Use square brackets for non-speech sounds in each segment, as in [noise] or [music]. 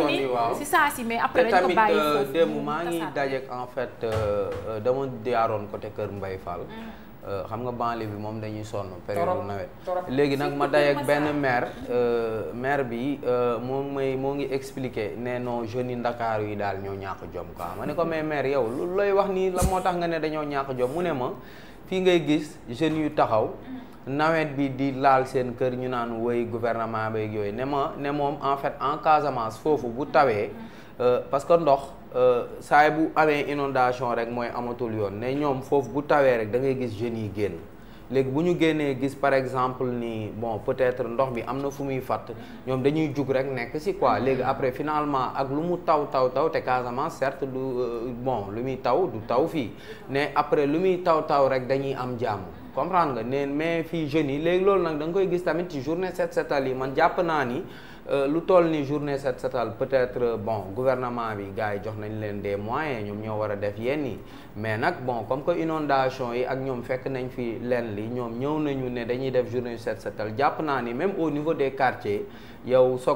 nekkoon ni waaw si saa si mais après dañ euh, maa ngi dajeek en fait euh, euh, dama jaaroon côté Kër mbay fal mm. xam nga banlieue bi moom dañuy sonn période nawet léegi nag ma dajeek benn maire mm. maire bi moo may moo ngi expliquer ne noo jeunes yi Ndakaar yi daal ñoo ñàkk jom quoi ma ne ko mais maire yow lu looy wax nii la moo tax nga ne dañoo ñàkk jom mu ne ma fii ngay gis jeunes yu taxaw mm. nawet bi di laal seen kër ñu naan woy gouvernement beeg yooyu ne ma ne moom en fait en Casamance foofu bu tawee euh, parce que ndox euh, saay bu amee inondation rek mooy amatul yoon ne ñoom foofu bu tawee rek da ngay gis jeunes yi génn léegi bu ñu génnee gis par exemple ni bon peut-être ndox bi am na fu muy fatt ñoom dañuy jug rek nekk ci quoi léegi après finalement ak lu mu taw taw taw te Casamance certes du euh, bon lu muy taw du taw fii mais après lu muy taw taw rek dañuy am jàmm comprendre nga neen mais fii jeunes yi léegi loolu nag da nga koy gis tamit ci journée set setal yi man jàpp naa ni euh, lu toll ni journée set setal peut-être euh, bon gouvernement bi gars yi jox nañ leen des moyens ñoom ñoo war a def yenn yi mais nag bon comme que inondation yi ak ñoom fekk nañ fi leen li ñoom ñëw nañu ne dañuy def journée set setal jàpp naa ni même au niveau des quartiers yow sa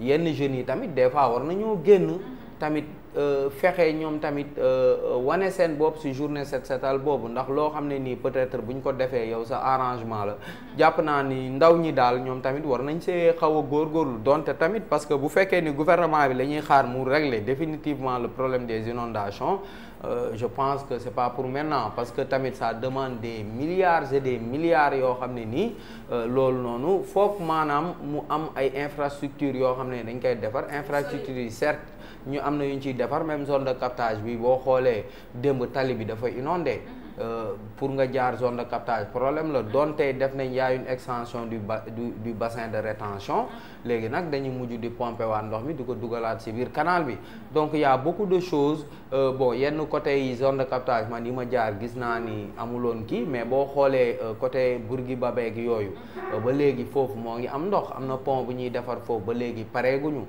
yenn jeunes yi tamit des fois war nañoo génn tamit Euh, fexe ñoom tamit euh, wane seen bopp si journée set setal boobu ndax loo xam ne nii peut-être bu ñu ko defee yow sa arrangement la jàpp naa ni ndaw ñi daal ñoom tamit war nañ see xaw a góorgóorlu donte tamit parce que bu fekkee ni gouvernement bi la ñuy xaar mu régler définitivement le problème des inondations Euh, je pense que c'est pas pour maintenant parce que tamit ça demande des milliards et des milliards yoo xam ne nii euh, loolu noonu foog maanaam mu am ay infrastructures yoo xam ne dañ koy defar infrastructures yi certes ñu am na yu ñu ciy defar même zone de captage bi boo xoolee démb tali bi dafa inondé Euh, pour nga jaar zone de captage problème la doon tey def nañ yaay une extension du du du bassin de rétention ah. léegi nag dañuy mujj di pomper waat ndox mi di ko dugalaat ci biir kanaal bi donc y a de choses euh, bo yenn côté yi zone de captage man yi ma jaar gis naa ni amuloon kii mais boo xoolee euh, côté Bourguiba beeg yooyu ah. ba léegi foofu moo ngi am ndox am na pont bu ñuy defar foofu ba léegi pareeguñu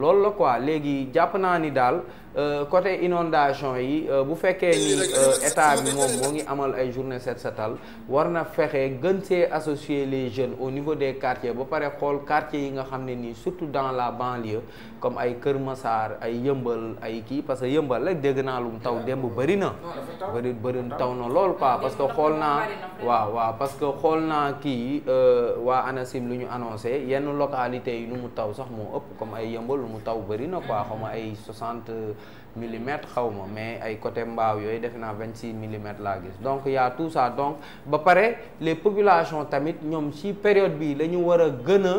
loolu la quoi léegi jàpp naa ni daal. Euh, côté inondation yi euh, bu fekkee ni euh, état bi moom moo ngi amal ay journée set setal war na fexe gën see associer les jeunes au niveau des quartiers ba pare xool quartiers yi nga xam ne nii surtout dans la banlieue comme ay Kër Massar ay Yëmbal ay kii parce que Yëmbal rek dégg naa lu mu taw démb bëri na bëri bëri taw na lool quoi parce que xool naa waaw waaw parce que xool naa kii waa ANACIM lu ñu annoncé yenn localités yi lu mu taw sax moo ëpp comme ay Yëmbal lu mu taw bëri na ay soixante millimètres xaw ma mais ay côté mbaaw yooyu defe naa vingt six millimètres laa gis donc y tout ça donc ba pare les population tamit ñoom ci période bi lañu ñu war a gën a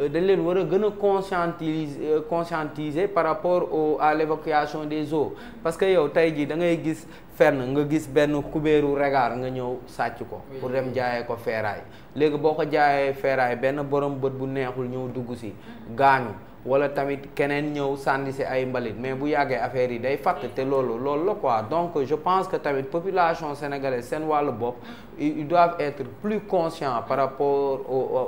euh, dañ leen war a gën a conscientiser euh, conscientiser par rapport au à l'évacuation des eaux parce que yow tey jii da ngay gis fenn nga gis benn kubéeru regard nga ñëw sàcc ko pour dem jaayee ko feeraay léegi boo ko jaayee feeraay benn borom bët bu neexul ñëw dugg si gaañu wala tamit keneen ñëw sànni si ay mbalit mais bu yàggee affaire yi day fàtt te loolu loolu la quoi donc je pense que tamit population sénégalaise seen wàllu bopp ils doivent être plus conscients par rapport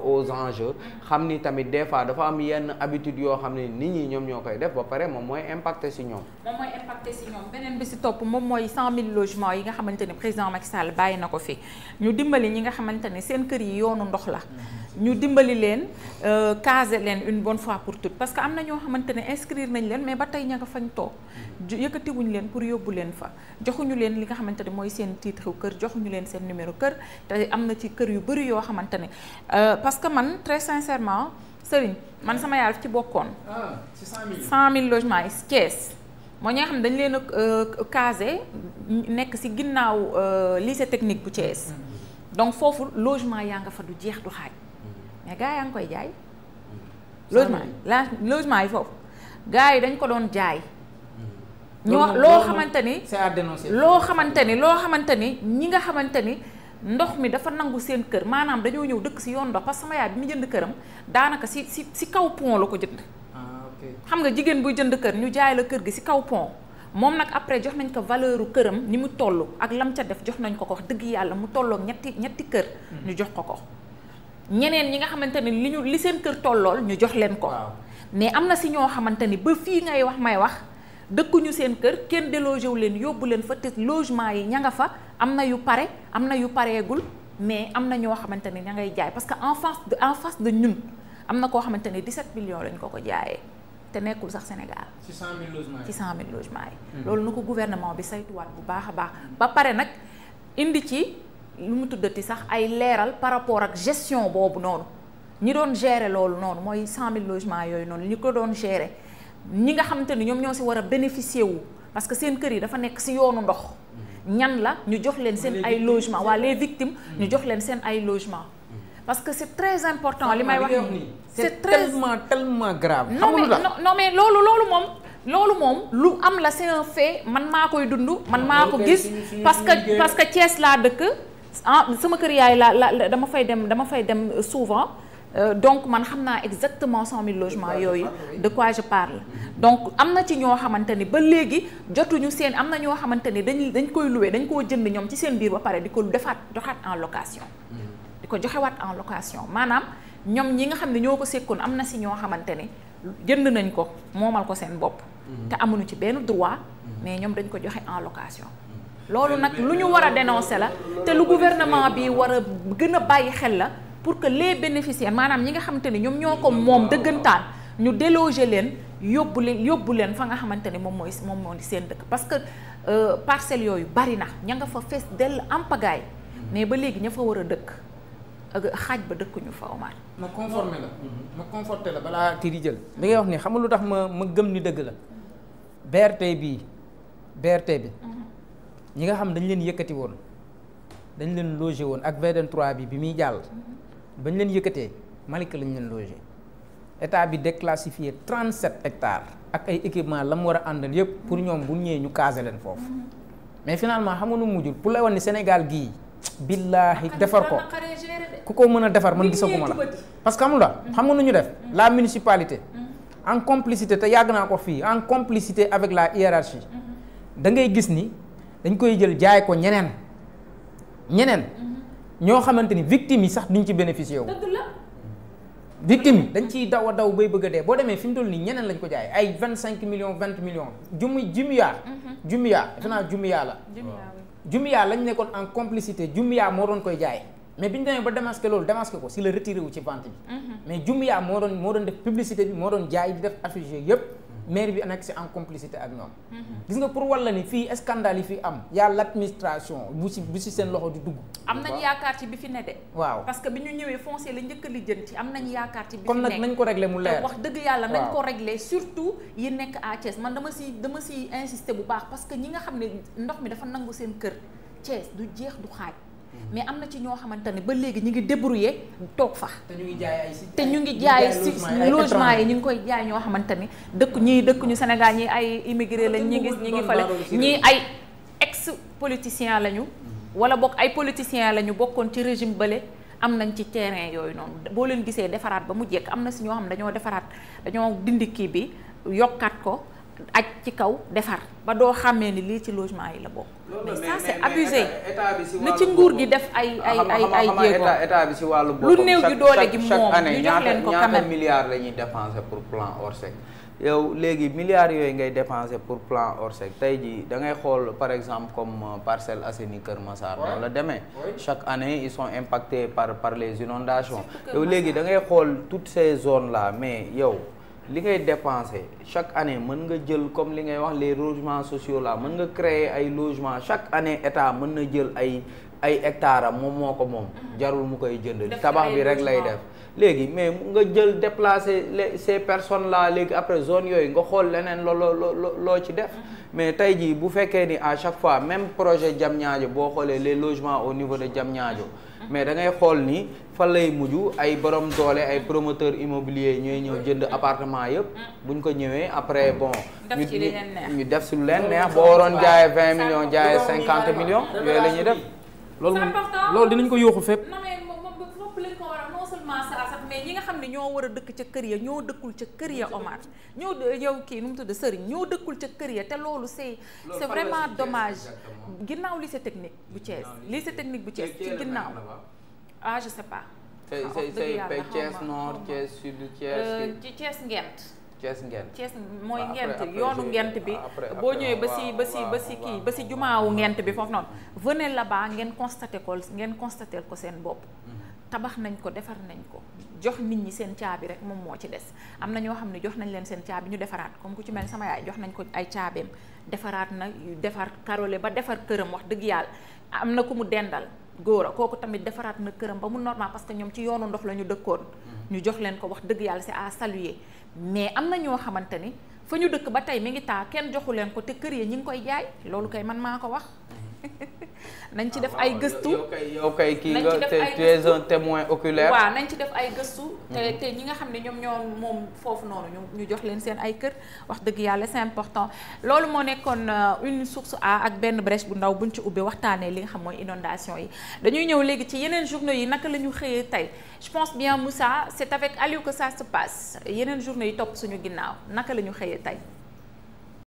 aux enjeux xam ni tamit des fois dafa am yenn habitude yoo xam ne nit ñi ñoom ñoo koy def ba pare moom mooy impacté si ñoom. moom mooy impacté si ñoom beneen bi si topp moom mooy 100000 logements yi nga xamante ne président Macky Sall bàyyi na ko fi ñu dimbali ñi nga xamante ne seen kër yi yoonu ndox la. ñu dimbali leen euh, caser leen une bonne fois pour toutes parce que am na ñoo xamante ne inscrire nañ leen mais ba tey ña nga fañ toog yëkkatiwuñ leen pour yóbbu leen fa joxuñu leen li nga xamante ne mooy seen titre kër joxuñu leen seen numéro kër te am na ci kër yu bëri yoo xamante ne euh, parce que man très sincèrement Serigne man sama yaay daf ci bokkoon. ah ci 100000 mille logements yi Thiès moo ñi nga xam dañ leen a euh, casé nekk si ginnaaw lycée technique bu Thiès mm-hmm. donc foofu logement yaa nga fa du jeex du mais gars yaa ngi koy jaay. logement yi logement yi foofu gars yi dañ ko doon jaay. ñoo loo xamante ni c'est à dénoncer loo xamante ni loo xamante ni ñi nga xamante ni ndox mi dafa nangu seen kër maanaam dañoo ñëw dëkk si yoon ndox parce que sama yaay bi mu jënd këram daanaka si si si kaw pon la ko jënd. Ah, xam nga jigéen buy jënd kër ñu jaay la kër gi si kaw pon moom nag après jox nañ ko valeur këram ni mu toll ak lam ca def jox nañ ko ko wax dëgg yàlla mu tollook ñetti ñetti kër. Hmm. ñu jox ko ko. ñeneen ñi nga xamante ne li ñu li seen kër tollool ñu jox leen ko. mais am na si ñoo xamante ni ba fii ngay wax may wax dëkkuñu seen kër kenn délogé wu leen yóbbu leen fa te logement yi ña nga fa am na yu pare am na yu pareegul mais am na ñoo xamante ne ña ngay jaay parce que en face de en face de ñun am na koo xamante ne set millions lañ ko ko jaayee. te nekkul sax Sénégal. ci 100000 logements yi ci 100000 logements yi. Hmm. loolu nu ko gouvernement bi saytuwaat bu baax a baax. ba pare nag indi ci lu mu tuddati sax ay leeral par rapport ak gestion boobu noonu ñi doon gérer loolu noonu mooy 100000 logements yooyu noonu ñi ko doon gérer ñi nga xamante ni ñoom ñoo si war a bénéficier wu parce que seen kër yi dafa nekk si yoonu ndox ñan la ñu jox leen seen ay logement waa les victimes ñu mm. jox leen seen ay logement mm. parce que c'est très important li may wax nii c'est tellement tellement grave non mais non mais loolu loolu moom loolu moom lu am la c'est fait man maa koy dund man maa ko gis parce que parce que Thiès laa dëkk ah sama kër yaay la la dama fay dem dama fay dem souvent euh, donc man xam naa exactement cent mille yooyu de quoi je parle donc am na ci ñoo xamante ni ba léegi jotuñu seen am na ñoo xamante ni dañ dañ koy louer dañ koo jënd ñoom ci seen biir ba pare di ko defaat joxaat en location mm-hmm. di ko joxewaat en location maanaam ñoom ñi nga xam ne ñoo ko sekkoon am na si ñoo xamante ni jënd nañ ko moomal ko seen bopp mm-hmm. te amulu ci benn droit mm-hmm. mais ñoom dañ ko joxe en location loolu nag lu ñu war a dénoncer la te lu gouvernement bi war a gën a bàyyi xel la pour que les bénéficiaires maanaam ñi nga xamante ni ñoom ñoo ko moom dëggantaan ñu déloger leen yóbbu leen yóbbu leen fa nga xamante ni moom mooy moom moo di seen dëkk parce que euh, parcelles yooyu bari na ña nga fa fees dell am mais ba léegi ña fa war a dëkk xaaj ba dëkkuñu fa Omar. ma conformé la ma conforté la balaa kii di jël li ngay wax nii xam nga lu tax ma ma gëm ni dëgg la BRT bii BRT bi. Mhm. ñi nga xam dañ leen yëkkati woon dañu leen logé woon ak VDN3 bi bi muy jàll mhm. bañ leen yëkkatee Malika lañ leen logé état bi trent 37 hectares ak ay équipement la mu war a àndal yëpp pour ñoom bu ñëwee ñu casé leen foofu mhm. mais finalement xam nga nu mujjul pour lay wan ni Sénégal gii billaahi defar ko ku ko mën a defar man gisaguma la parce que xam la mhm. xam nga nu ñu def la municipalité en complicité te yàgg naa ko fii en complicité avec la hiérarchie da ngay gis ni dañ koy jël jaay ko ñeneen ñeneen mhm. ñoo xamante ni victime yi sax duñ ci bénéficier wu. dëgg la. victime yi dañ ciy daw a daw bay bëgg dee boo demee fi mu toll nii ñeneen lañ ko jaay ay vingt cinq million vingt million millions jumi jumiyaa mhm. jumiyaa defe naa jumiyaa la jumiyaa lañ nekkoon en complicité jumiyaa moo doon koy jaay mais bi ñu demee ba démasqué loolu démasqué ko si la retiré wu ci vente bi mhm. mais jumiyaa moo doon moo doon def publicité bi moo doon jaay di def affiche yëpp maire bi nag c'est en complicité ak ñoom. Mhm. gis nga pour walla ni fii scandale yi fi am. y'a l'administration bu si bu si seen loxo di dugg. am nañ yaakaar ci bi fi ne de. waaw parce que bi ñu ñëwee foncé la njëkk a yi am nañ yaakaar ci bi fi nekk kon nag nañ ko régler mu leer wax dëgg yàlla nañ ko régler surtout yi nekk à Thiès man dama si dama si insister bu baax parce que ñi nga xam ne ndox mi dafa nangu seen kër Thiès du jeex du xaaj. mais am na ci ñoo xamante ne ba léegi ñu ngi débrouillé toog fa. te ñu ngi jaay te ñu ngi jaay si logement yi ñu ngi koy jaay ñoo xamante ni dëkk ñii dëkk ñu Sénégal ñi ay immigré lañ ñi ngi ñi ngi fale ñii ay ex politicien lañu. wala bokk ay politicien lañu bokkoon ci régime bële. am nañ ci terrain yooyu noonu boo leen gisee defaraat ba mu jekk am na si ñoo xam ne dañoo defaraat dañoo dindi kii bi yokkaat ko. ak ci kaw defar ba doo xàmmee ni lii ci logement yi la bokk. mais ça c'est abusé na ci nguur gi def ay ah, ay ay ay jéego si wàllu boppam lu néew gi doole gi moom ñu jox leen ko quand milliards la ñuy dépensé pour plan Orsec yow léegi milliards yooyu ngay dépensé pour plan Orsec tey jii da ngay xool par exemple comme euh, Parcelles Assainies Kër Massar noonu la demee chaque année ils sont impactés par par les inondations yow léegi da ngay xool toutes ces zones la mais yow li ngay dépenser chaque année mën nga jël comme li ngay wax les logements sociaux là mën nga créer ay logements chaque année état mën na jël ay ay hectares a moom moo ko moom jarul mu koy jënd tabax bi rek lay def léegi mais nga jël déplacer les ces personnes là léegi après zone yooyu nga xool leneen loo loo loo ci def mm-hmm. mais tey jii bu fekkee ni à chaque fois même projet ñaajo boo xoolee les au niveau de Diamniadio mais da ngay xool ni fan lay mujj ay borom doole ay promoteur immobilier ñooy ñëw jënd appartement yëpp ñu ko ñëwee après bon ñu ñu def si lu leen neex boo waroon jaayee vingt millions jaayee cinquante millions yooyu la ñuy def loolu moom loolu dinañ ko yuuxu fépp mais ñi nga xam ne ñoo war a dëkk ca kër ya ñoo dëkkul ca kër ya Omar ñoo yow kii nu mu tudd sëriñ ñoo dëkkul ca kër ya te loolu c'est c'est vraiment dommage ginnaaw lycée technique bu lii lycée technique bu Thiès ci ginnaaw ah je sais pas c'est Thiès ci Thiès Ngent Cees ngent Cees mooy ngent yoonu ngent bi boo ñëwee ba si ba si ba si kii ba si jumaawu ngent bi foofu noonu venez là-bas ngeen constaté ko ngeen constaté ko seen bopp mm-hmm. tabax nañ ko defar nañ ko jox nit ñi seen caabi rek moom moo ci des am na ñoo xam ne jox nañ leen seen caabi ñu defaraat comme ku ci mel sama yaay jox nañ ko ay caabeem defaraat na defar karole ba defar këram wax dëgg yàlla am na ku mu dendal góor kooku tamit defaraat na këram ba mu normal parce que ñoom ci yoonu ndox la ñu dëkkoon mm-hmm. ñu jox leen ko wax dëgg yàlla si à saluer mais am na ñoo xamante ni fa ñu dëkk ba tey mi ngi taa kenn joxu leen ko te kër yi ñi ngi koy jaay loolu kay man maa ko wax mm-hmm. [laughs] nañ ci def ay gëstu yow kii nga tu es un témoin oculaire nañ ci def ay gëstu mhm. te ñi nga xam ne ñoom ñoo moom foofu noonu ñu ñu jox leen seen ay kër wax dëgg yàlla c'est important loolu moo nekkoon euh, une source a ak benn brèche bu ndaw buñ ci ubbee waxtaanee li nga xam mooy inondation yi dañuy ñëw léegi ci yeneen journaux yi naka la ñu xëyee tey je pense bien Moussa c'est avec Aliou que ça se passe yeneen journaux yi topp suñu ginnaaw naka la ñu xëyee tey